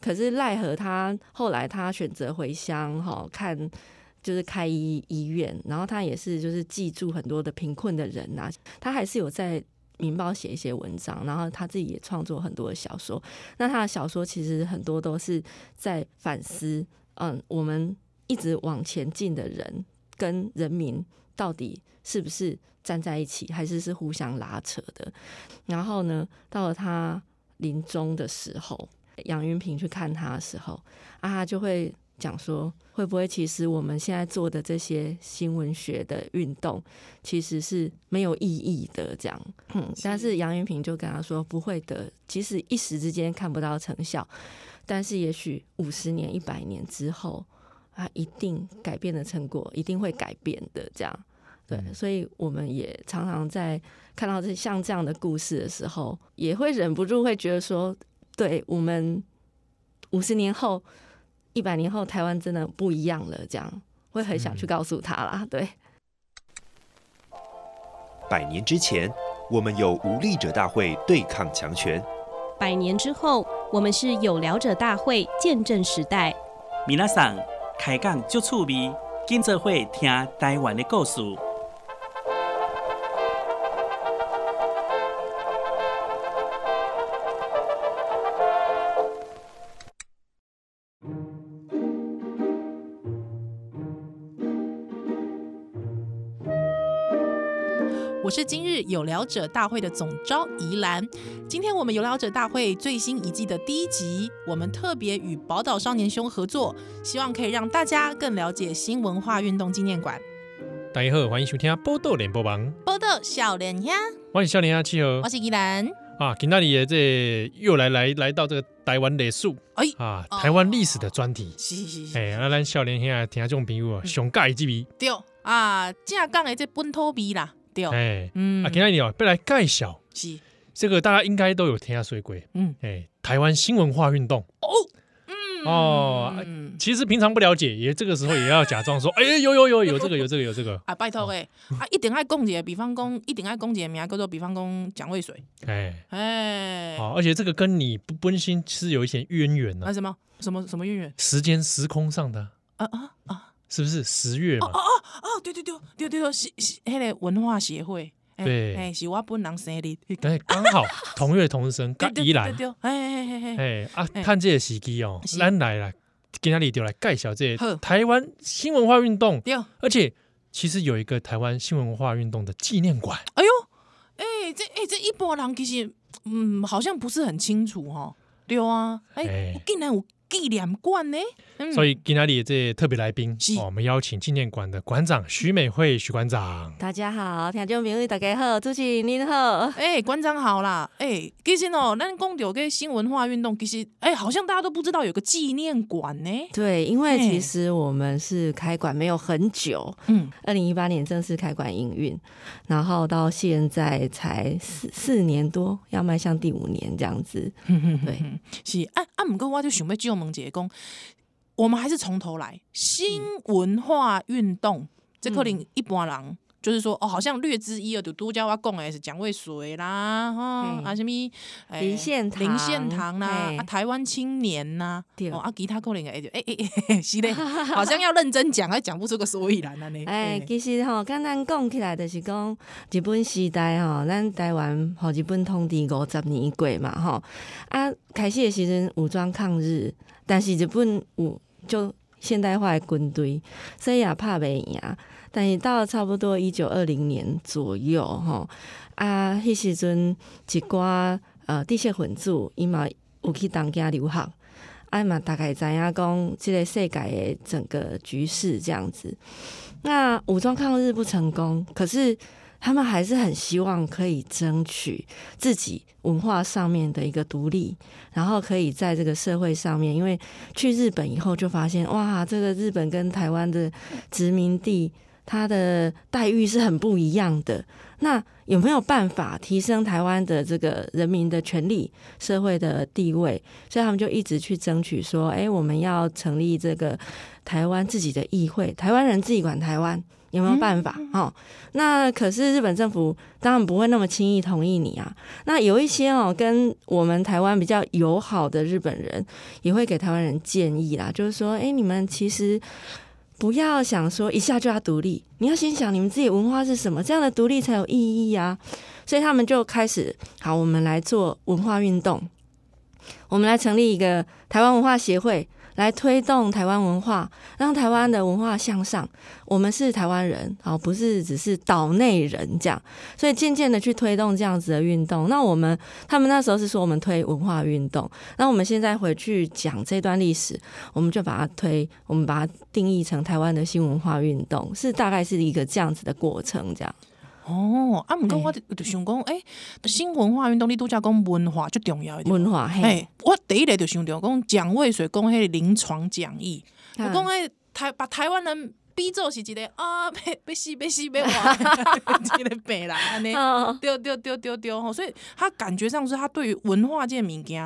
可是賴和他後來他選擇回鄉哈看，就是開醫醫院，然後他也是就是記住很多的貧困的人呐、啊，他還是有在《民報》寫一些文章，然後他自己也創作很多的小說。那他的小說其實很多都是在反思，嗯，我們一直往前進的人跟人民到底是不是站在一起，還是是互相拉扯的？然後呢，到了他臨終的時候。楊雲平去看他的時候，啊，就會講說，會不會其實我們現在做的這些新文學的運動，其實是沒有意義的？這樣，嗯，但是楊雲平就跟他說，不會的，即使一時之間看不到成效，但是也許五十年、一百年之後，他、啊、一定改變的成果一定會改變的。這樣，對，所以我們也常常在看到這像這樣的故事的時候，也會忍不住會覺得說。對，我們五十年後，一百年後，台灣真的不一樣了，這樣會很想去告訴他啦。的對，百年之前，我們有無力者大會對抗強權；百年之後，我們是有聊者大會見證時代。米娜桑開講就趣味，金澤會聽台灣的故事。有聊者大會的總召宜蘭，今天我們有聊者大會最新一季的第一集，我們特別與寶島少年兄合作，希望可以讓大家更了解新文化運動紀念館。大家好，歡迎收聽寶島聯播網，寶島少年兄歡迎少年兄七和，我是宜蘭。啊，今那裡這又來來來到這個台灣歷史，啊，台灣歷史的專題。哦、是是是哎，阿、啊、少年兄牙聽這種節目啊，想蓋一支味。嗯、對啊，正講的這本土味啦。哎，嗯啊，跟到你哦，被來蓋小，這個大家應該都有聽下水鬼，嗯，哎，台灣新文化運動，哦，嗯哦，嗯，其實平常不了解，也這個時候也要假裝說，哎，有有有有這個有這個有這個，啊，拜托哎，啊，一定愛講解，比方講一定愛講解名叫做比方講蔣渭水，哎哎，啊，而且這個跟你本身是有一些淵源的，什麼什麼什麼淵源？時間時空上的，啊啊啊。是不是十月？哦哦哦，喔喔喔喔對對對對對，是是，那個文化協會，哎、對，哎、欸，是我本人生日，哎，剛好同月同日生，跟依然，哎哎哎哎哎，啊，趁這個時機哦，咱、欸、來了，今天就來介紹這個臺灣新文化運動，看而且其實有一個臺灣新文化運動的紀念館。哎呦，哎、欸，這哎、欸、這一撥人其實，嗯，好像不是很清楚哦，對啊，哎、欸，竟然有。有紀念館呢、欸，嗯、所以今天里這特別來賓是、哦，我們邀請紀念館的館長許美惠許館長。大家好，聽眾朋友大家好，主持人您好，哎、欸，館長好啦，哎、欸，其實哦，那公調跟新文化運動其實，哎、欸，好像大家都不知道有個紀念館呢、欸。對，因為其實我們是開館沒有很久，嗯、欸，二零一八年正式開館營運，嗯、然後到現在才四四年多，要邁向第五年這樣子。嗯、哼哼對，是，哎、啊，啊毋過我就想要救。孟捷講，我們還是從頭來，新文化運動這、嗯、可能一般人。就是說，哦，好像略知一二，就拄才我講誒，是蔣渭水啦，吼啊，啥咪林獻堂、林獻堂啦，啊，台灣青年吶、啊，對哦，啊，其他可能誒，就誒誒，是嘞， 好像要認真講，還講不出個所以然按呢。誒、欸，對其實吼，剛剛講起來就是講日本時代吼，咱台灣和日本統治五十年過嘛，吼，啊，開始誒時陣武裝抗日，但是日本有就現代化誒軍隊，所以也拍袂贏。但也到了差不多一九二零年左右，吼啊，迄時陣一寡呃知識份子，伊嘛有去東京留學，哎嘛大概怎樣講？即個世界的整個局勢這樣子。那武裝抗日不成功，可是他們還是很希望可以爭取自己文化上面的一個獨立，然後可以在這個社會上面，因為去日本以後就發現，哇，這個日本跟台灣的殖民地。他的待遇是很不一樣的。那有沒有辦法提升台灣的這個人民的權利、社會的地位？所以他們就一直去爭取說：“哎、欸，我們要成立這個台灣自己的議會，台灣人自己管台灣，有沒有辦法？”嗯嗯、哦，那可是日本政府當然不會那麼輕易同意你啊。那有一些哦，跟我們台灣比較友好的日本人，也會給台灣人建議啦，就是說：“哎、欸，你們其實……”不要想說一下就要獨立，你要先想你們自己文化是什麼，這樣的獨立才有意義呀。所以他們就開始，好，我們來做文化運動。我們來成立一個台灣文化協會。來推動台灣文化，讓台灣的文化向上。我們是台灣人，好，不是只是島內人這樣。所以漸漸的去推動這樣子的運動。那我們他們那時候是說我們推文化運動，那我們現在回去講這段歷史，我們就把它推，我們把它定義成台灣的新文化運動，是大概是一個這樣子的過程，這樣。哦，啊，毋過我，就想講，誒、欸，新文化運動，你拄則講文化最重要一點，對對，文化嘿，欸、我第一咧就想到講蔣渭水講迄個臨床講義，講哎台把台灣人比做是一個啊，別別死別死別活，一 個病人，安尼丟丟丟丟丟，所以他感覺上是他對於文化即個物件，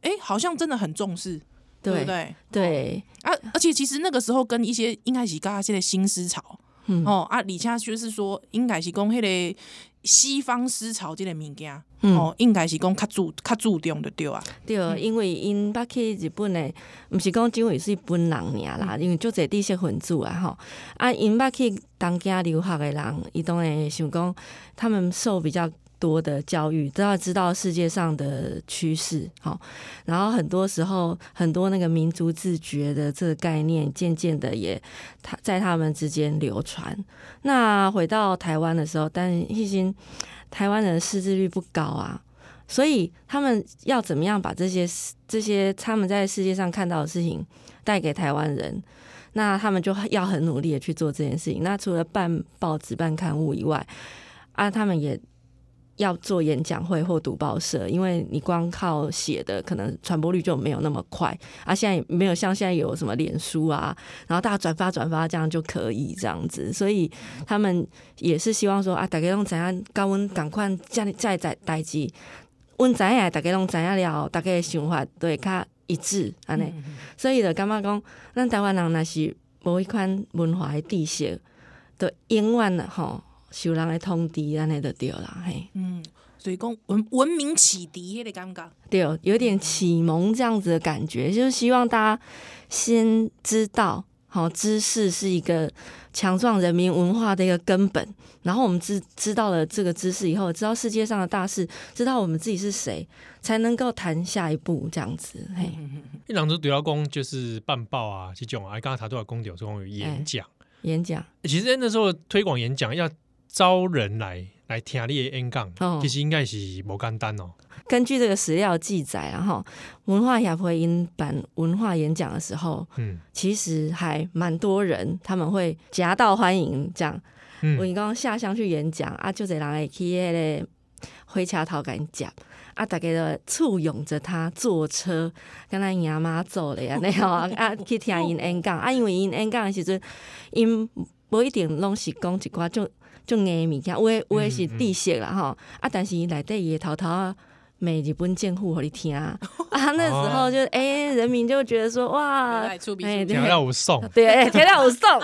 哎、欸，好像真的很重視，對，對不對？對，而、哦啊、而且其實那個時候跟一些應該講啊，現在新思潮。吼、嗯哦、啊，而且就是說，應該是講迄個西方思潮即個物件，吼、嗯，應該是講較注較注重着對啊。嗯、對，因為因捌去日本誒，毋是講只位是本人爾啦，嗯、因為遮濟知識分子啊吼啊，因捌去東京留學誒人，伊當然會想講他們受比較多的教育，都要知道世界上的趨勢，好，然後很多時候很多那個民族自覺的這個概念，漸漸的也他在他們之間流傳。那回到台灣的時候，但畢竟台灣人識字率不高啊，所以他們要怎麼樣把這些這些他們在世界上看到的事情帶給台灣人？那他們就要很努力的去做這件事情。那除了辦報紙、辦刊物以外，啊，他們也。要做演講會或讀報社，因為你光靠寫的，可能傳播率就沒有那麼快。啊，現在沒有像現在有什麼臉書啊，然後大家轉發轉發，這樣就可以這樣子。所以他們也是希望說啊，大家攏知影跟阮同款，加再再代誌，阮知影，大家攏知影了，大家的想法都會較一致安尼。所以就感覺講，咱台灣人若是無一款文化誒底穴就永遠了吼。小人來通敵啊，那個對啦，嘿，嗯，所以講文文明啟迪的感覺，對，有點啟蒙這樣子的感覺，就是希望大家先知道，好，知識是一個強壯人民文化的一個根本。然後我們知知道了這個知識以後，知道世界上的大事，知道我們自己是誰，才能夠談下一步這樣子。嘿，你當初主要講就是辦報啊，這種、啊，哎，剛剛查多少公的，有演講，演講，其實那時候推廣演講要。招人來來聽你的演講，其實應該是無簡單、喔、哦。根據這個史料記載啊，哈，文化協會因辦文化演講的時候，嗯，其實還蠻多人，他們會夾道歡迎這樣，講我你剛剛下鄉去演講啊，就儕人會去迄個火車頭甲因接，啊，大家都簇擁着他坐車，跟咱阿媽坐的啊，你好啊，去聽因演講啊，因為因演講的時候，因不一定攏是講一句寡就。就挨米家，我我是地些啊。吼、嗯嗯、啊，但是內底也偷偷罵日本政府，互你聽 啊，啊那時候就誒、欸，人民就覺得說哇，田亮我送，對，田亮我送，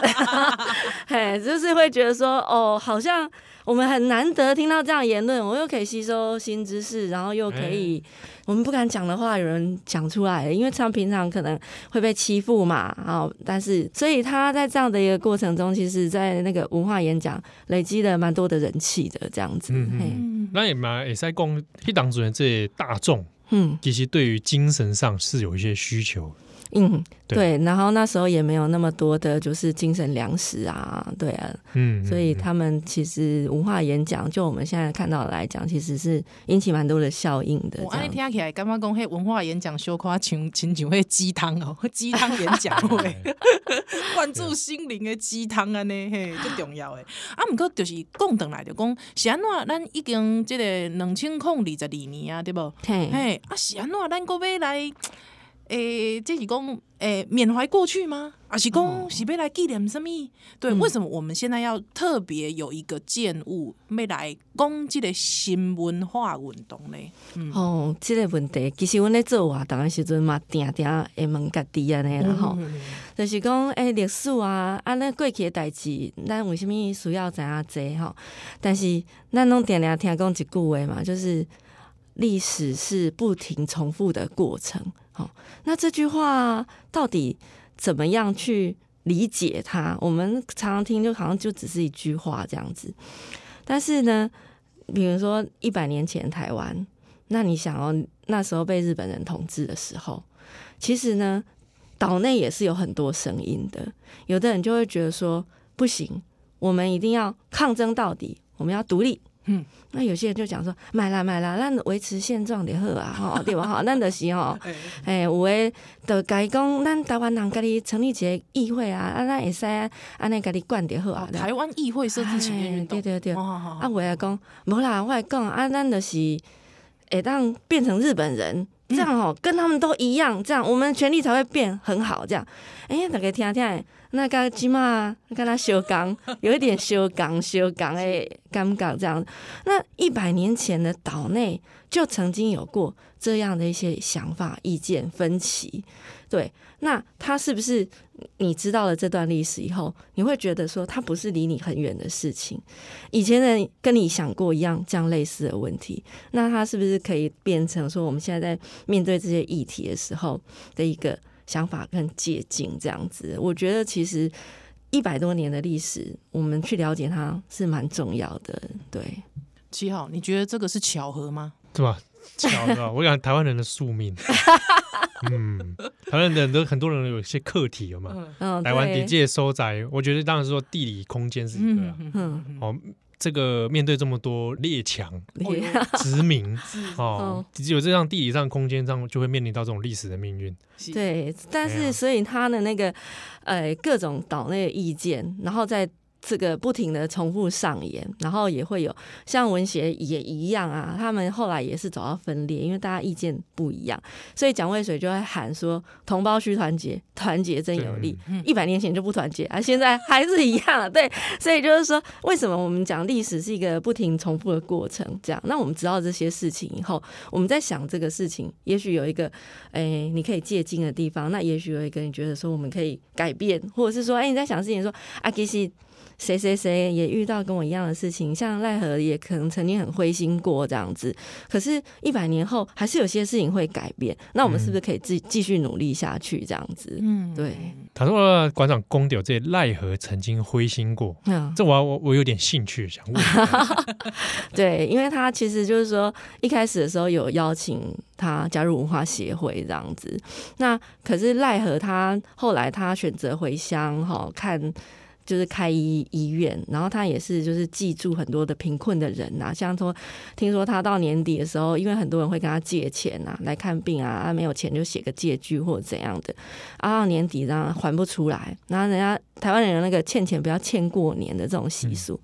嘿、 欸，就是會覺得說哦，好像。我們很難得聽到這樣的言論，我又可以吸收新知識，然後又可以、嗯、我們不敢講的話有人講出來，因為他平常可能會被欺負嘛，啊、哦！但是所以他在這樣的一個過程中，其實，在那個文化演講累積了蠻多的人氣的這樣子。嗯，那也蠻也在供一黨主人這大眾，嗯，嗯，其實對於精神上是有一些需求。嗯，對，對然後那時候也沒有那麼多的就是精神糧食啊，對啊，嗯，嗯所以他們其實文化演講，就我們現在看到來講，其實是引起蠻多的效應的。我安呢聽起來，感覺講嘿，文化演講小可，像親像雞湯哦，雞湯演講，喂，關注心靈的雞湯安呢嘿，最重要誒。啊，不過就是共鄧來的，講，是安怎，咱已經這個兩千空二十二年嘿啊，對不？嘿，啊是安怎，咱各位來。誒，即、欸、是講誒，緬、欸、懷過去嗎？啊，是講是欲來紀念啥物？對，嗯、為什麼我們現在要特別有一個建物，要來講即個新文化運動呢？吼、嗯，即、哦這個問題，其實阮咧做活動誒時陣嘛，定定誒，會問家己安尼啦吼，就是講誒，歷、欸、史啊，安、啊、尼過去誒代志，咱為啥物需要知影遮吼，但是咱攏定定聽講一句話嘛，就是歷史是不停重複的過程。好、哦，那這句話到底怎麼樣去理解它？我們常常聽，就好像就只是一句話這樣子。但是呢，比如說一百年前台灣，那你想哦，那時候被日本人統治的時候，其實呢，島內也是有很多聲音的。有的人就會覺得說，不行，我們一定要抗爭到底，我們要獨立。嗯，那有些人就講說，買啦買啦，咱維持現狀就好啊，吼、 哦、對吧？好、就是，咱就是哦，哎，有誒，就改講咱台灣人，家己成立一個議會啊，啊，咱會使安尼家己管就好啊。台灣議會設置請願運動，對對對，哦、啊，話講無啦，我係講啊，咱就是，會當變成日本人。這樣哦，跟他們都一樣，嗯、這樣我們的權利才會變很好。這樣，哎、欸，大家聽啊聽，那個吉媽跟他小剛有一點小剛小剛哎，剛剛的感覺這樣。那一百年前的島內就曾經有過。這樣的一些想法、意見分歧，對，那他是不是你知道了這段歷史以後，你會覺得說他不是離你很遠的事情，以前人跟你想過一樣，這樣類似的問題，那他是不是可以變成說，我們現在在面對這些議題的時候的一個想法更接近這樣子？我覺得其實一百多年的歷史，我們去了解它是蠻重要的。對，七號，你覺得這個是巧合嗎？對吧？巧是吧？我講台灣人的宿命。 嗯，台灣人都很多人有一些課題了嘛。嗯、台灣的地界收窄，嗯、我覺得當然是說地理空間是一個、啊嗯。嗯。嗯哦，這個面對這麼多列強、哦、呦殖民， 是哦，只有這樣地理上空間上就會面臨到這種歷史的命運。是對，但是所以他的那個呃各種島內意見，然後在。這個不停的重複上演，然後也會有像文協也一樣啊，他們後來也是走到分裂，因為大家意見不一樣，所以蔣渭水就會喊說：“同胞需團結，團結真有力。”一百年前就不團結，啊，現在還是一樣、啊，對，所以就是說，為什麼我們講歷史是一個不停重複的過程？這樣，那我們知道這些事情以後，我們在想這個事情，也許有一個誒、哎，你可以借鑒的地方，那也許有一個你覺得說我們可以改變，或者是說，哎，你在想事情說啊，其實。誰誰誰也遇到跟我一樣的事情，像賴和也可能曾經很灰心過這樣子。可是，一百年後還是有些事情會改變。那我們是不是可以繼繼續努力下去這樣子？嗯，對。他說館、呃、長公調這賴和曾經灰心過，嗯、這我我我有點興趣想問。 對，因為他其實就是說一開始的時候有邀請他加入文化協會這樣子，那可是賴和他後來他選擇回鄉哈看。就是開醫醫院，然後他也是就是記住很多的貧困的人吶、啊，像說聽說他到年底的時候，因為很多人會跟他借錢啊來看病啊，他沒有錢就寫個借據或者怎樣的，啊到年底呢還不出來，然後人家台灣人那個欠錢不要欠過年的這種習俗，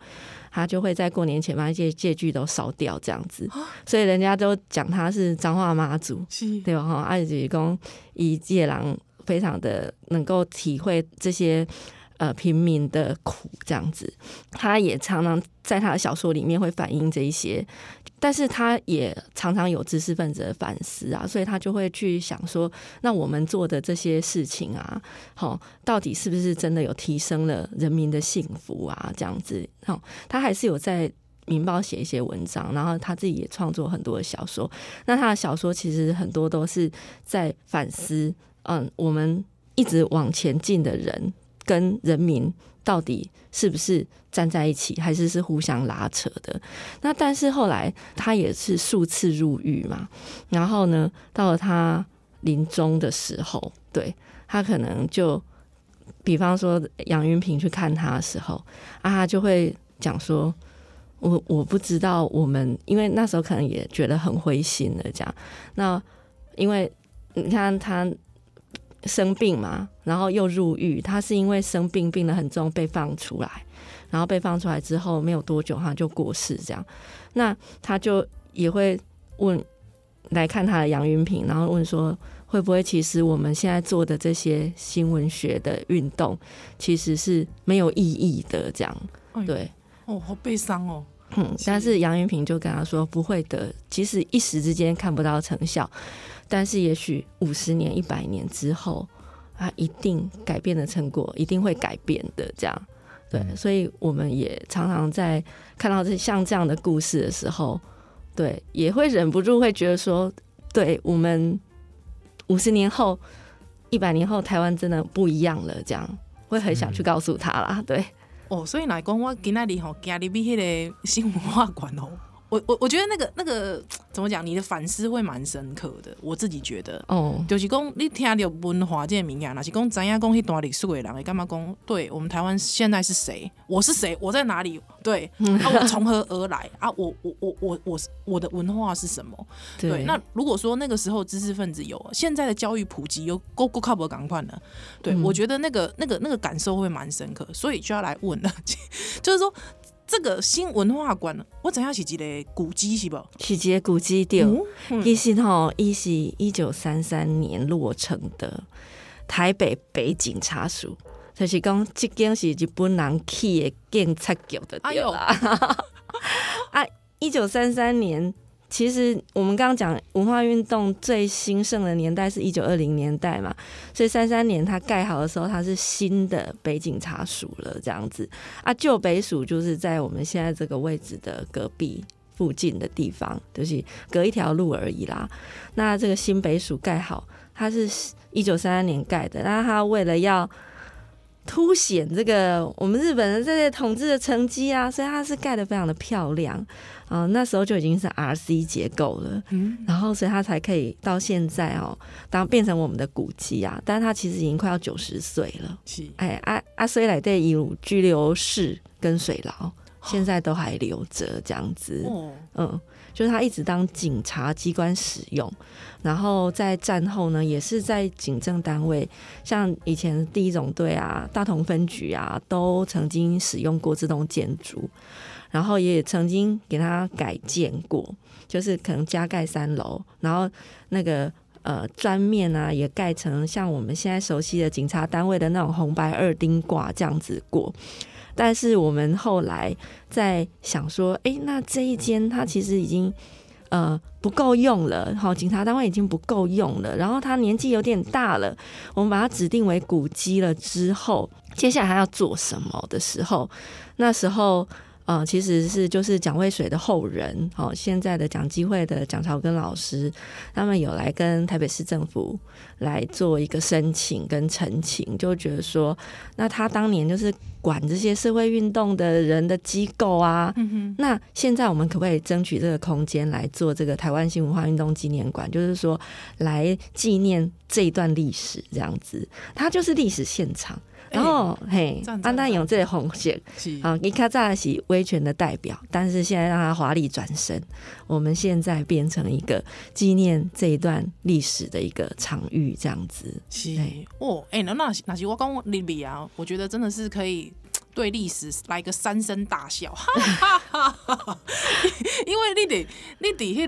他就會在過年前把一些借據都燒掉這樣子，所以人家都講他是彰化媽祖是對吧？哈，二子公以夜狼，非常的能夠體會這些。呃，平民的苦，這樣子，他也常常在他的小說裡面會反映這一些，但是他也常常有知識分子的反思啊，所以他就會去想說，那我們做的這些事情啊，好、哦，到底是不是真的有提升了人民的幸福啊？這樣子，好、哦，他還是有在《民報》寫一些文章，然後他自己也創作很多的小說。那他的小說其實很多都是在反思，嗯，我們一直往前進的人，跟人民到底是不是站在一起，還是是互相拉扯的？那但是後來他也是數次入獄嘛，然後呢，到了他臨終的時候，對他可能就，比方說楊雲平去看他的時候，啊，他就會講說，我我不知道我們，因為那時候可能也覺得很灰心了，這樣。那因為你看他。生病嘛，然後又入獄。他是因為生病，病得很重被放出來，然後被放出來之後沒有多久他就過世。這樣，那他就也會問來看他的楊雲平，然後問說會不會其實我們現在做的這些新文學的運動其實是沒有意義的？這樣，對，哎、哦，好悲傷哦。嗯，但是楊雲平就跟他說不會的，即使一時之間看不到成效。但是也許五十年、一百年之後，它，一定改變的成果一定會改變的，這樣，對，嗯、所以我們也常常在看到這像這樣的故事的時候，對，也會忍不住會覺得說，對我們五十年後、一百年後，台灣真的不一樣了，這樣，會很想去告訴他啦，的對，哦，所以來講，我今天那裡吼，今裡邊那個新文化館哦。我我我覺得那個那個怎麼講？你的反思會蠻深刻的，我自己覺得。哦，oh. 就是講，你聽到文化這個，華建明啊，那啟公怎樣公去大理是鬼狼？你幹嘛公？對我們台灣現在是誰？我是誰？我在哪裡？對，啊、我從何而來？ 啊我，我我我我我的文化是什麼？對，對，那如果說那個時候知識分子有現在的教育普及有夠夠靠譜的港況呢？對，嗯、我覺得那個那個那個感受會蠻深刻，所以就要來問了， 就是說。這個新文化館我知影是一個古蹟是不？是一個古蹟？對，伊、嗯、是吼，伊是一九三三年落成的台北北警察署，就是講，這間是日本人起的警察局的點啦。哎、呦 啊，一九三三年。其實我們剛剛講文化運動最興盛的年代是一九二零年代嘛，所以三三年它蓋好的時候，它是新的北警察署了這樣子啊，舊北署就是在我們現在這個位置的隔壁附近的地方，就是隔一條路而已啦。那這個新北署蓋好，它是一九三三年蓋的，那它為了要凸顯這個我們日本人在這統治的成績啊，所以它是蓋得非常的漂亮啊，呃，那時候就已經是 RC 結構了，然後所以它才可以到現在哦，當變成我們的古蹟啊，但是它其實已經快要九十歲了，是哎阿阿所以裡面有拘留室跟水牢，哦、現在都還留着這樣子，嗯。就是他一直當警察機關使用，然後在戰後呢，也是在警政單位，像以前第一總隊啊、大同分局啊，都曾經使用過這棟建築，然後也曾經給他改建過，就是可能加蓋三樓，然後那個呃磚面啊，也蓋成像我們現在熟悉的警察單位的那種紅白二丁掛這樣子過。但是我們後來在想說，誒，那這一間它其實已經呃不夠用了，好，警察單位已經不夠用了。然後他年紀有點大了，我們把它指定為古蹟了之後，接下來還要做什麼的時候，那時候。啊、嗯，其實是就是蔣渭水的後人，哦，現在的蔣基會的蔣朝根老師，他們有來跟台北市政府來做一個申請跟陳情，就覺得說，那他當年就是管這些社會運動的人的機構啊，嗯、哼那現在我們可不可以爭取這個空間來做這個台灣新文化運動紀念館？就是說，來紀念這一段歷史，這樣子，它就是歷史現場。然後、欸、嘿，安大用這紅線，好是，伊看這是威權的代表，但是現在讓他華麗轉身，我們現在變成一個紀念這一段歷史的一個場域，這樣子。是對哦，哎、欸，那那那些我剛你別啊，我覺得真的是可以對歷史來個三聲大笑，哈哈哈哈哈哈。因為你得你得迄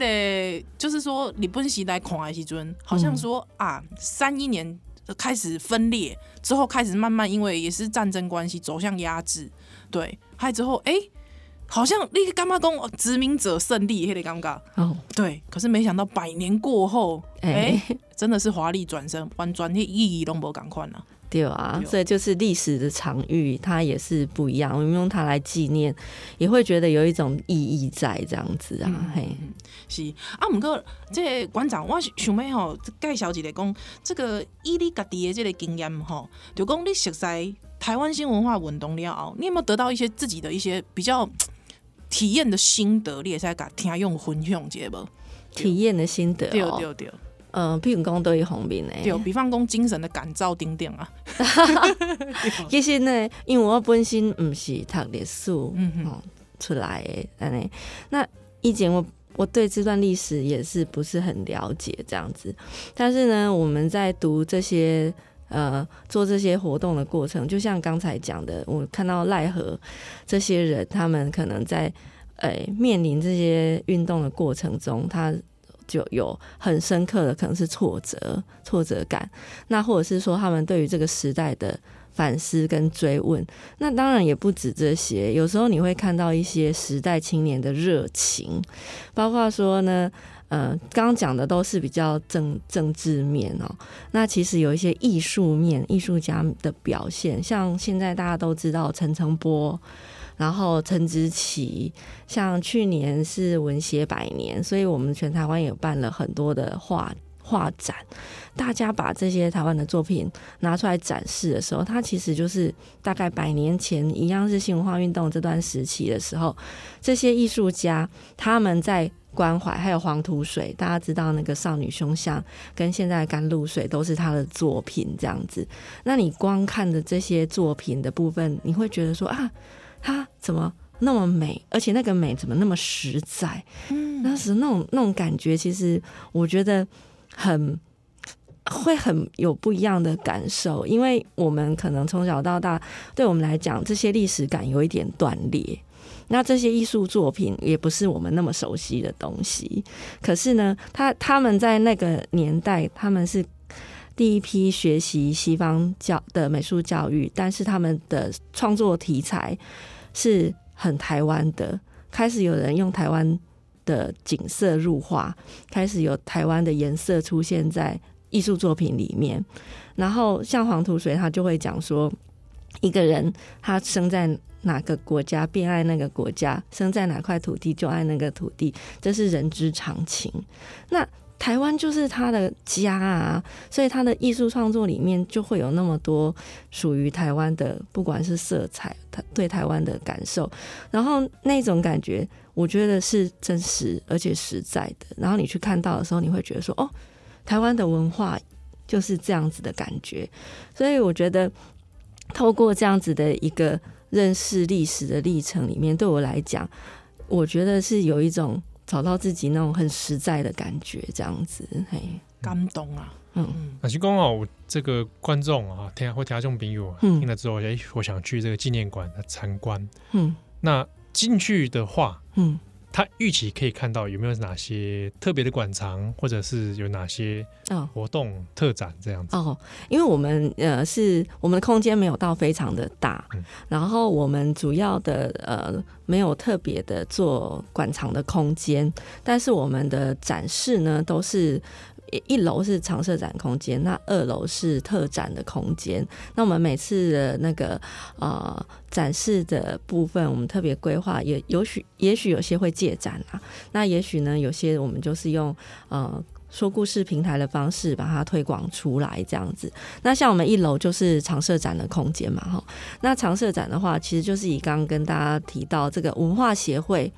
個，就是說你不時來看的時陣，好像說啊，嗯、三一年。開始分裂之後，開始慢慢因為也是戰爭關係走向壓制，對。還之後哎、欸，好像那個幹嘛工殖民者勝利的，黑得尷尬。對。可是沒想到百年過後，哎、欸， 真的是華麗轉身，完全意義都不一樣了。對啊，對哦、所以就是歷史的場域，它也是不一樣。我們用它來紀念，也會覺得有一種意義在這樣子啊。嗯、嘿，是啊，毋過，這個館長，我想欲吼，喔，介紹一個講這個以你家己的這個經驗吼，喔，就講你熟悉台灣新文化運動了，你有沒有得到一些自己的一些比較體驗的心得？你在噶聽用分享記得體驗的心得，哦，對對對。呃，譬如講，對方面呢，就比方講，精神的感召，丁點啊。 其實呢，因為我本身不是讀歷史，嗯哼，出來誒，那以前我我對這段歷史也是不是很了解，這樣子。但是呢，我們在讀這些呃做這些活動的過程，就像剛才講的，我看到賴和這些人，他們可能在誒、欸、面臨這些運動的過程中，他。就有很深刻的，可能是挫折、挫折感，那或者是說他們對於這個時代的反思跟追問。那當然也不止這些，有時候你會看到一些時代青年的熱情，包括說呢，呃，剛剛講的都是比較政政治面哦。那其實有一些藝術面，藝術家的表現，像現在大家都知道陳澄波。然後陳之奇，像去年是文學百年，所以我們全台灣也辦了很多的畫畫展。大家把這些台灣的作品拿出來展示的時候，它其實就是大概百年前一樣是新文化運動這段時期的時候，這些藝術家他們在關懷，還有黃土水，大家知道那個少女胸像跟現在的甘露水都是他的作品這樣子。那你光看的這些作品的部分，你會覺得說啊，她怎麼那麼美？而且那個美怎麼那麼實在？嗯，當時那種那種感覺，其實我覺得很會很有不一樣的感受，因為我們可能從小到大，對我們來講，這些歷史感有一點斷裂。那這些藝術作品也不是我們那麼熟悉的東西。可是呢，他他們在那個年代，他們是。第一批學習西方教的美術教育，但是他們的創作題材是很台灣的。開始有人用台灣的景色入畫，開始有台灣的顏色出現在藝術作品裡面。然後像黃土水，他就會講說，一個人他生在哪個國家，便愛那個國家，生在哪塊土地就愛那個土地，這是人之常情。那台灣就是他的家啊，所以他的藝術創作裡面就會有那麼多屬於台灣的，不管是色彩，他對台灣的感受，然後那種感覺，我覺得是真實而且實在的。然後你去看到的時候，你會覺得說，哦，台灣的文化就是這樣子的感覺。所以我覺得，透過這樣子的一個認識歷史的歷程裡面，對我來講，我覺得是有一種。找到自己那種很實在的感覺，這樣子，嘿，嗯、感動啊，嗯。阿徐光我這個觀眾啊，聽會聽眾朋友聽了之後、嗯欸，我想去這個紀念館參觀，嗯。那進去的話，嗯。他預期可以看到有沒有哪些特別的館藏，或者是有哪些活動、oh, 特展這樣子？哦，oh, 因為我們呃是我們的空間沒有到非常的大，嗯、然後我們主要的呃沒有特別的做館藏的空間，但是我們的展示呢都是。一樓是常設展空間，那二樓是特展的空間。那我們每次的那個呃展示的部分，我們特別規劃，也有許也許有些會借展啊。那也許呢，有些我們就是用呃說故事平台的方式把它推廣出來，這樣子。那像我們一樓就是常設展的空間嘛，哈。那常設展的話，其實就是以剛跟大家提到這個文化協會。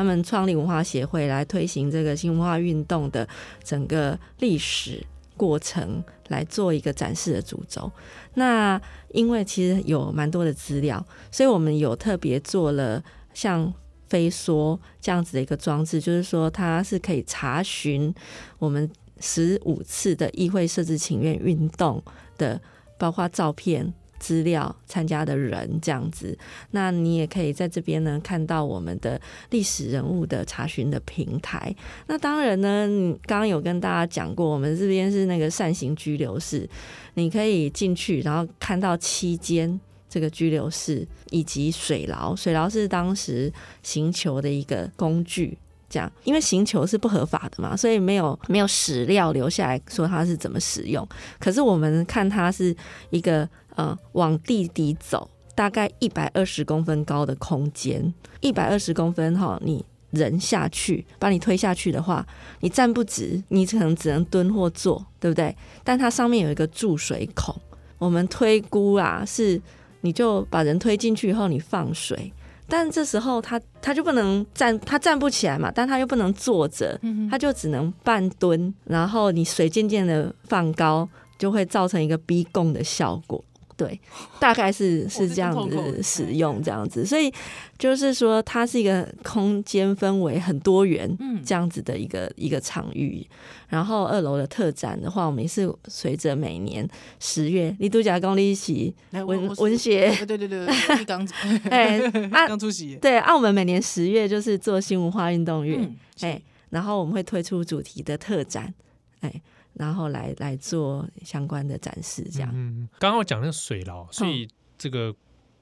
他們創立文化協會來推行這個新文化運動的整個歷史過程，來做一個展示的主軸。那因為其實有蠻多的資料，所以我們有特別做了像飛梭這樣子的一個裝置，就是說它是可以查詢我們十五次的議會設置請願運動的，包括照片。資料參加的人這樣子，那你也可以在這邊呢看到我們的歷史人物的查詢的平台。那當然呢，你剛剛有跟大家講過，我們這邊是那個扇形拘留室，你可以進去，然後看到七間這個拘留室以及水牢。水牢是當時刑求的一個工具，這樣，因為刑求是不合法的嘛，所以沒有沒有史料留下來說它是怎麼使用。可是我們看它是一個。呃，往地底走，大概一百二十公分高的空間，一百二十公分哈、哦，你人下去把你推下去的話，你站不直，你可能只能蹲或坐，對不對？但它上面有一個注水孔，我們推估啊，是你就把人推進去以後，你放水，但這時候它它就不能站，它站不起來嘛，但它又不能坐着，它就只能半蹲，然後你水漸漸的放高，就會造成一個逼供的效果。對，大概是是這樣子使用這樣子，所以就是說它是一個空間氛圍很多元，嗯，這樣子的一個、嗯、一個場域。然後二樓的特展的話，我們也是隨着每年十月，你度假甲剛一起文溫雪，文學對對對，剛哎，剛出席， 嗯啊、對，啊、我們每年十月，就是做新文化運動月，哎、嗯嗯，然後我們會推出主題的特展，哎、嗯。然後來來做相關的展示，這樣，嗯。剛剛我講的水牢，所以這個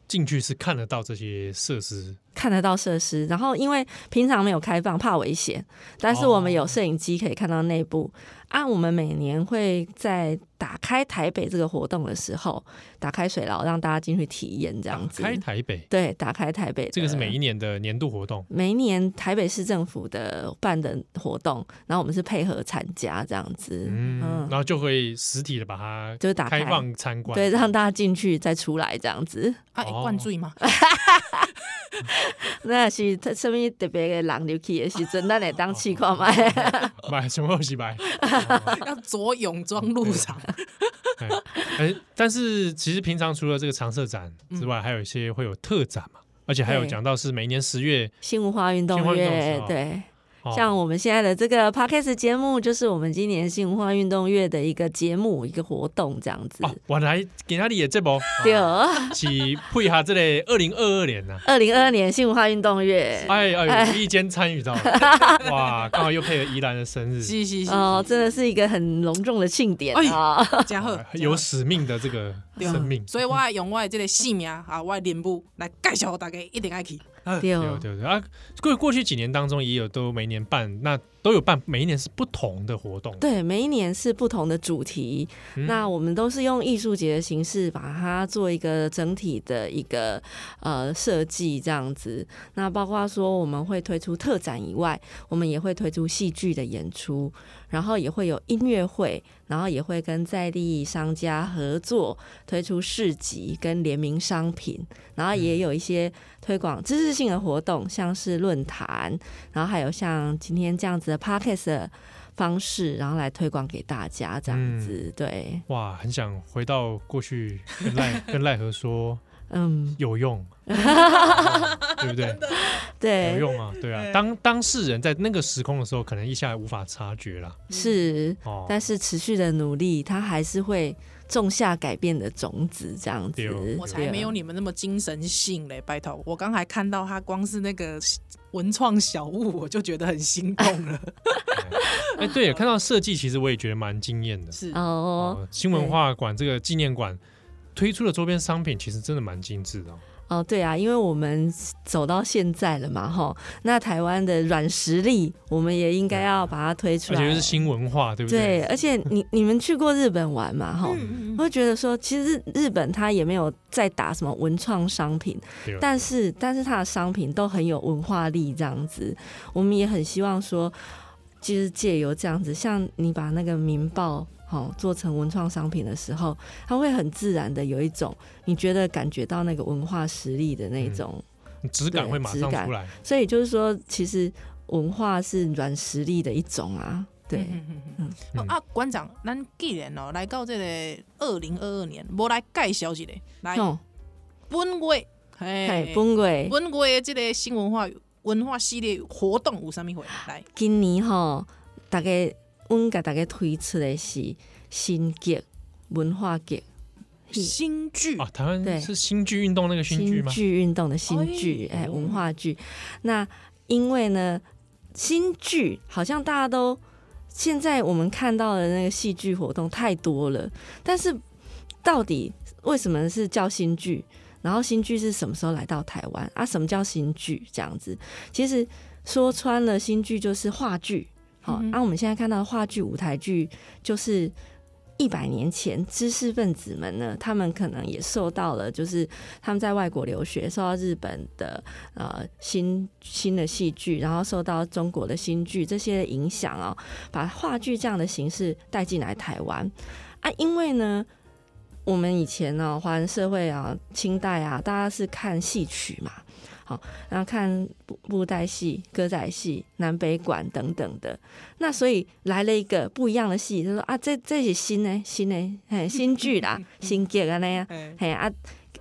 進去是看得到這些設施。看得到設施，然後因為平常沒有開放，怕危險，但是我們有攝影機可以看到內部。按、哦嗯啊、我們每年會在打開台北這個活動的時候，打開水牢讓大家進去體驗這樣子。打開台北對，打開台北，這個是每一年的年度活動。每一年台北市政府的辦的活動，然後我們是配合參加這樣子。嗯，嗯然後就會實體的把它開放就打開參觀，對，讓大家進去再出來這樣子。啊、哦，灌醉嗎？ 那是，是什麼特別的人流去？也是真，咱來當去看買什麼？是買 要着泳裝入場。哎、嗯，但是其實平常除了這個常設展之外，嗯、還有一些會有特展嘛，而且還有講到是每年十月新文對化運動月，對。像我們現在的這個 podcast 節目，就是我們今年新文化運動月的一個節目、一個活動這樣子。我來給他演這部，是配合這裡二零二二年呢。二零二二年新文化運動月，哎哎，無意間參與到，哇，剛好又配合宜蘭的生日，哦，真的是一個很隆重的慶典啊。然後有使命的這個生命，所以我愛用我這個姓名啊，我的臉部來介紹大家，一定愛去。啊對,哦、對對對啊！過過去幾年當中也有，都每年辦那。都有辦，每一年是不同的活動。對，每一年是不同的主題。嗯、那我們都是用藝術節的形式把它做一個整體的一個呃設計，這樣子。那包括說我們會推出特展以外，我們也會推出戲劇的演出，然後也會有音樂會，然後也會跟在地商家合作推出市集跟聯名商品，然後也有一些推廣知識性的活動，嗯、像是論壇，然後還有像今天這樣子的。podcast 的方式，然後來推廣給大家，這樣子對。哇，很想回到過去，跟賴跟賴和說，嗯，有用，對不對？對，有用啊，對啊。當當事人在那個時空的時候，可能一下無法察覺啦。是。但是持續的努力，他還是會。種下改變的種子，這樣子，我才沒有你們那麼精神性嘞！拜托，我剛才看到他光是那個文創小物，我就覺得很心動了。哎、啊 欸，對，看到設計，其實我也覺得蠻驚艷的。是哦，新文化館這個紀念館、欸、推出的周邊商品，其實真的蠻精緻的，哦。哦，對啊，因為我們走到現在了嘛，吼，那台灣的軟實力，我們也應該要把它推出來，嗯、而且是新文化，對不對？對，而且你你們去過日本玩嘛，哈，嗯、我會覺得說，其實日本它也沒有在打什麼文創商品，了但是但是它的商品都很有文化力，這樣子，我們也很希望說，就是借由這樣子，像你把那個民報。好，做成文創商品的時候，它會很自然的有一種你覺得感覺到那個文化實力的那種質、嗯、感，會馬，感會馬上出來，所以就是說，其實文化是軟實力的一種啊。對，嗯。嗯嗯哦啊，館長，咱既然哦來到這個二零二二年，我來介紹一個來，本月哎，本月，本月的這個新文化文化系列活動有什麼活動？來，今年哈、哦、大概。我給大家推出的是新劇、文化劇、新劇，是啊，台灣是新劇運動那個新劇嗎？新劇運動的新劇，哎，Oh yeah，文化劇。那因為呢，新劇好像大家都現在我們看到的那個戲劇活動太多了，但是到底為什麼是叫新劇？然後新劇是什麼時候來到台灣啊？什麼叫新劇？這樣子，其實說穿了，新劇就是話劇。哦、啊，我們現在看到的話劇、舞台劇，就是一百年前知識分子們呢，他們可能也受到了，就是他們在外國留學，受到日本的呃新新的戲劇，然後受到中國的新劇這些影響啊、哦，把話劇這樣的形式帶進來台灣啊，因為呢，我們以前呢、哦，華人社會啊，清代啊，大家是看戲曲嘛。好，然後看布布袋戲、歌仔戲、南北管等等的，那所以來了一個不一樣的戲，就說啊，這這些新的新的嘿新劇啦，新劇啊，那樣嘿啊，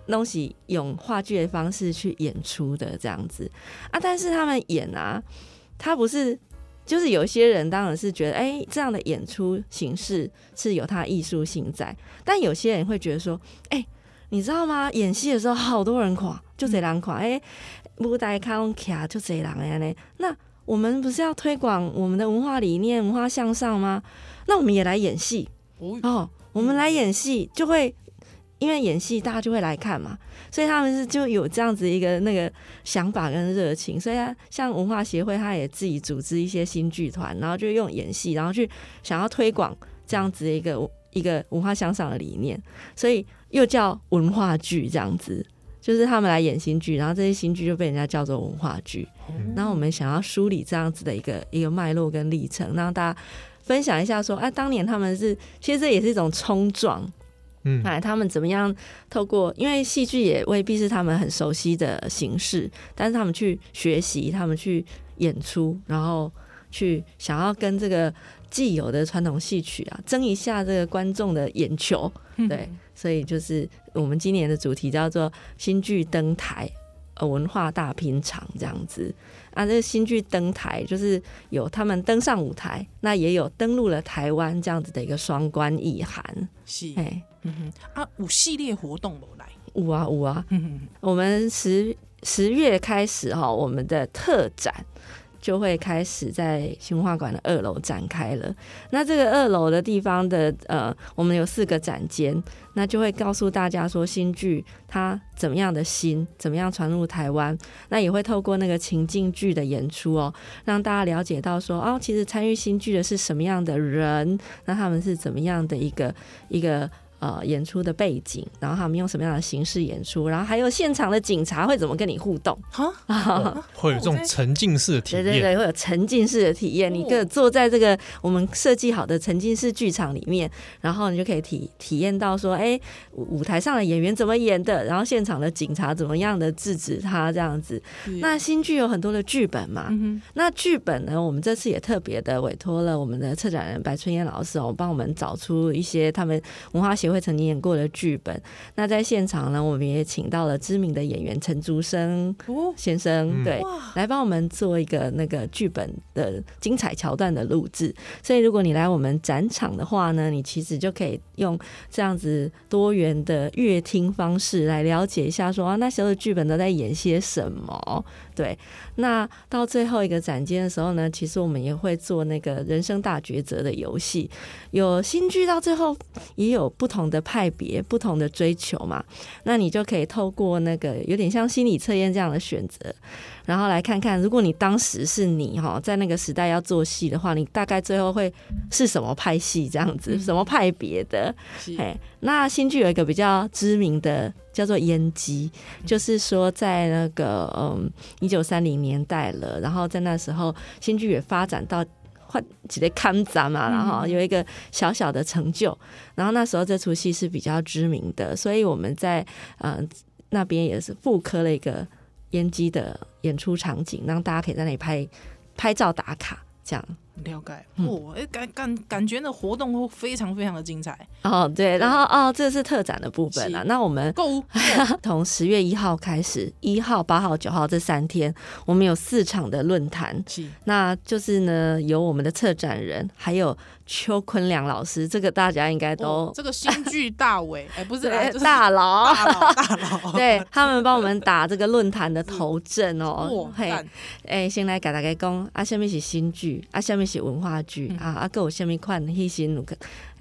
東西用話劇的方式去演出的這樣子啊，但是他們演啊，他不是就是有些人當然是覺得哎這樣的演出形式是有他藝術性在，但有些人會覺得說哎，你知道嗎？演戲的時候好多人垮。就這兩款，哎，不戴卡窿卡就這人樣的。那我們不是要推廣我們的文化理念、文化向上嗎？那我們也來演戲。哦，嗯，我們來演戲就會因為演戲，大家就會來看嘛。所以他們是就有這樣子一個那個想法跟熱情。所以像文化協會，他也自己組織一些新劇團，然後就用演戲，然後去想要推廣這樣子一個一個文化向上的理念，所以又叫文化劇這樣子。就是他們來演新劇，然後這些新劇就被人家叫做文化劇。嗯、然後我們想要梳理這樣子的一個一個脈絡跟歷程，讓大家分享一下說，哎、啊，當年他們是其實這也是一種衝撞，嗯，哎，他們怎麼樣透過因為戲劇也未必是他們很熟悉的形式，但是他們去學習，他們去演出，然後去想要跟這個既有的傳統戲曲啊爭一下這個觀眾的眼球，對。嗯所以就是我們今年的主題叫做“新劇登臺，呃，文化大拼場”這樣子，啊。那這個“新劇登臺”就是有他們登上舞臺，那也有登陸了臺灣這樣子的一個雙關意涵。是，嗯哼嘿啊，有系列活動來有啊有啊，我們十十月開始哈，我們的特展。就會開始在新文化館的二樓展開了。那這個二樓的地方的呃，我們有四個展間，那就會告訴大家說新劇它怎麼樣的新，怎麼樣傳入台灣。那也會透過那個情境劇的演出哦，讓大家了解到說哦，其實參與新劇的是什麼樣的人，那他們是怎麼樣的一個一個。呃，演出的背景，然後他們用什麼樣的形式演出，然後還有現場的警察會怎麼跟你互動？哈蛤，後會有這種沉浸式的體驗，對對對，會有沉浸式的體驗。哦、你可以坐在這個我們設計好的沉浸式劇場裡面，然後你就可以體體驗到說，哎，舞台上的演員怎麼演的，然後現場的警察怎麼樣的制止他這樣子。啊、那新劇有很多的劇本嘛，嗯、哼那劇本呢，我們這次也特別的委託了我們的策展人白春燕老師，哦，幫我們找出一些他們文化協會也會曾經演過的劇本，那在現場呢，我們也請到了知名的演員陳竹生先生，對，來幫我們做一個那個劇本的精彩橋段的錄制。所以，如果你來我們展場的話呢，你其實就可以用這樣子多元的樂聽方式來了解一下說，說啊，那時候的劇本都在演些什麼。對，那到最後一個展間的時候呢，其實我們也會做那個人生大抉擇的遊戲，有新劇到最後也有不同的派別、不同的追求嘛，那你就可以透過那個有點像心理測驗這樣的選擇。然後來看看，如果你當時是你哈，在那個時代要做戲的話，你大概最後會是什麼派系？這樣子，什麼派別的？是嘿，那新劇有一個比較知名的叫做《閹雞》，嗯、就是說在那個嗯一九三零年代了，然後在那時候新劇也發展到換幾類康雜嘛，然後有一個小小的成就，然後那時候這出戲是比較知名的，所以我們在嗯、呃、那邊也是複刻了一個。煙機的演出場景，讓大家可以在那裡拍拍照打卡，這樣了解。我、哦、哎感感感覺那活動會非常非常的精彩哦。對，對然後哦，這是特展的部分啦。是那我們購 Go. Go. 從十月一號開始，一號、八號、九號這三天，我們有四場的論壇，是那就是呢有我們的策展人還有。邱坤良老師，這個大家應該都、哦、這個新劇大尾，哎、 欸，不是，哎，大佬，大佬，大佬，對他們幫我們打這個論壇的頭陣哦。哦嘿，哎蛋、欸，先來給大家講啊，什麼是新劇，啊，什麼是文化劇、嗯、啊劇，啊，還有什麼款戲型，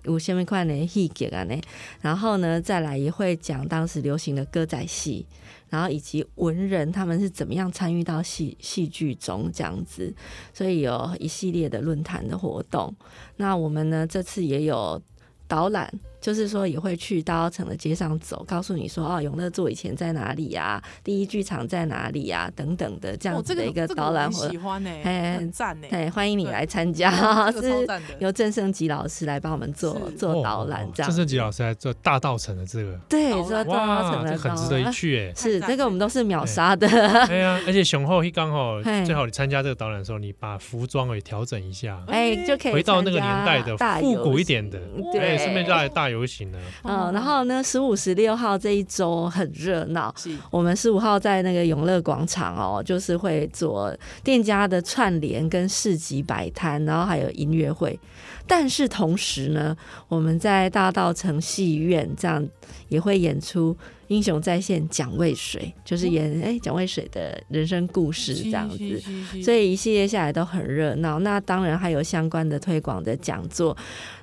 有什麼款呢戲劇啊呢，然後呢，再來也會講當時流行的歌仔戲。然後以及文人他們是怎麼樣參與到戲戲劇中這樣子，所以有一系列的論壇的活動。那我們呢這次也有導覽。就是說也會去大稻埕的街上走，告訴你說哦，永樂座以前在哪裡呀？第一劇場在哪裡呀？等等的這樣子的一個導覽，我喜歡呢，很讚呢，歡迎你來參加，是，由鄭勝吉老師來幫我們做做導覽，這樣，鄭勝吉老師來做大稻埕的這個，對，說大稻埕的很值得一去，哎，是，這個我們都是秒殺的，對啊，而且雄厚一剛好，最好你參加這個導覽的時候，你把服裝也調整一下，哎，就可以回到那個年代的復古一點的，哎，順便就來大流行嗯，然後呢，十五、十六號這一周很熱鬧。是我們十五號在那個永樂廣場哦，就是會做店家的串聯跟市集擺攤，然後還有音樂會。但是同時呢，我們在大稻埕戲院這樣也會演出《英雄再現蔣渭水》，就是演哎、欸、蔣渭水的人生故事這樣子，行行行行，所以一系列下來都很熱鬧。那當然還有相關的推廣的講座，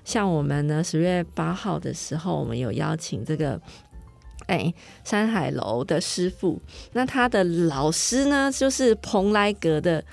像我們呢十月八號的時候，我們有邀請這個哎、欸、山海樓的師傅，那他的老師呢就是蓬萊閣的。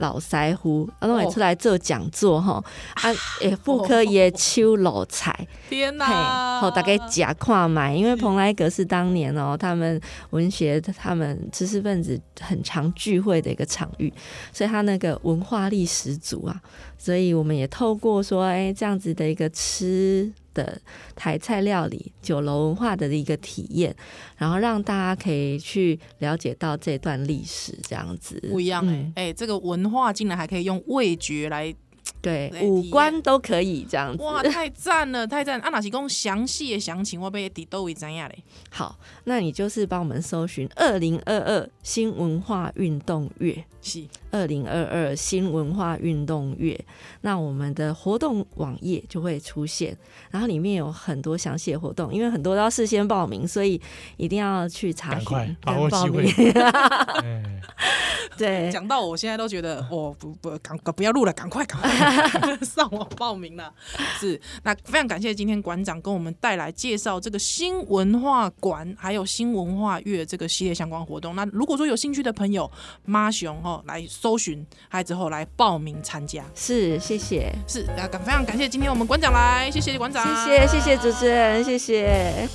老塞胡，阿、啊、龍會出來做講座哈，oh. 啊，誒，婦科也秋老菜，天吶哪，好，大概吃跨買，因為蓬萊閣是當年哦、喔，他們文學、他們知識分子很常聚會的一個場域，所以他那個文化力十足啊，所以我們也透過說，哎、欸，這樣子的一個吃。的台菜料理、酒樓文化的一個體驗，然後讓大家可以去了解到這段歷史，這樣子不一樣哎，哎、嗯欸，這個文化竟然還可以用味覺來，對，五官都可以這樣子，哇，太讚了，太讚！啊如果是說詳細的詳情我要在哪裡知道嘞？好，那你就是幫我們搜尋二零二二新文化運動月是。二零二二新文化運動月，那我們的活動網頁就會出現，然後裡面有很多詳細的活動，因為很多都要事先報名，所以一定要去查，趕快報名。 對，講到我，我現在都覺得，哦，不不趕，不要錄了，趕快趕快上網報名了。 是，那非常感謝今天館長跟我們帶來介紹這個新文化館還有新文化月這個系列相關活動。那如果說有興趣的朋友，媽熊吼來。搜尋，還之後來報名參加。是，謝謝。是，要感非常感謝今天我們館長來，謝謝館長，謝謝、啊、謝謝主持人，謝謝。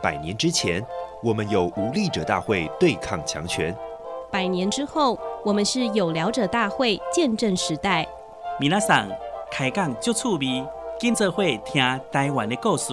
百年之前，我們有無力者大會對抗強權；百年之後，我們是有聊者大會見證時代。米娜桑開講就趣味，金澤會聽台灣的故事。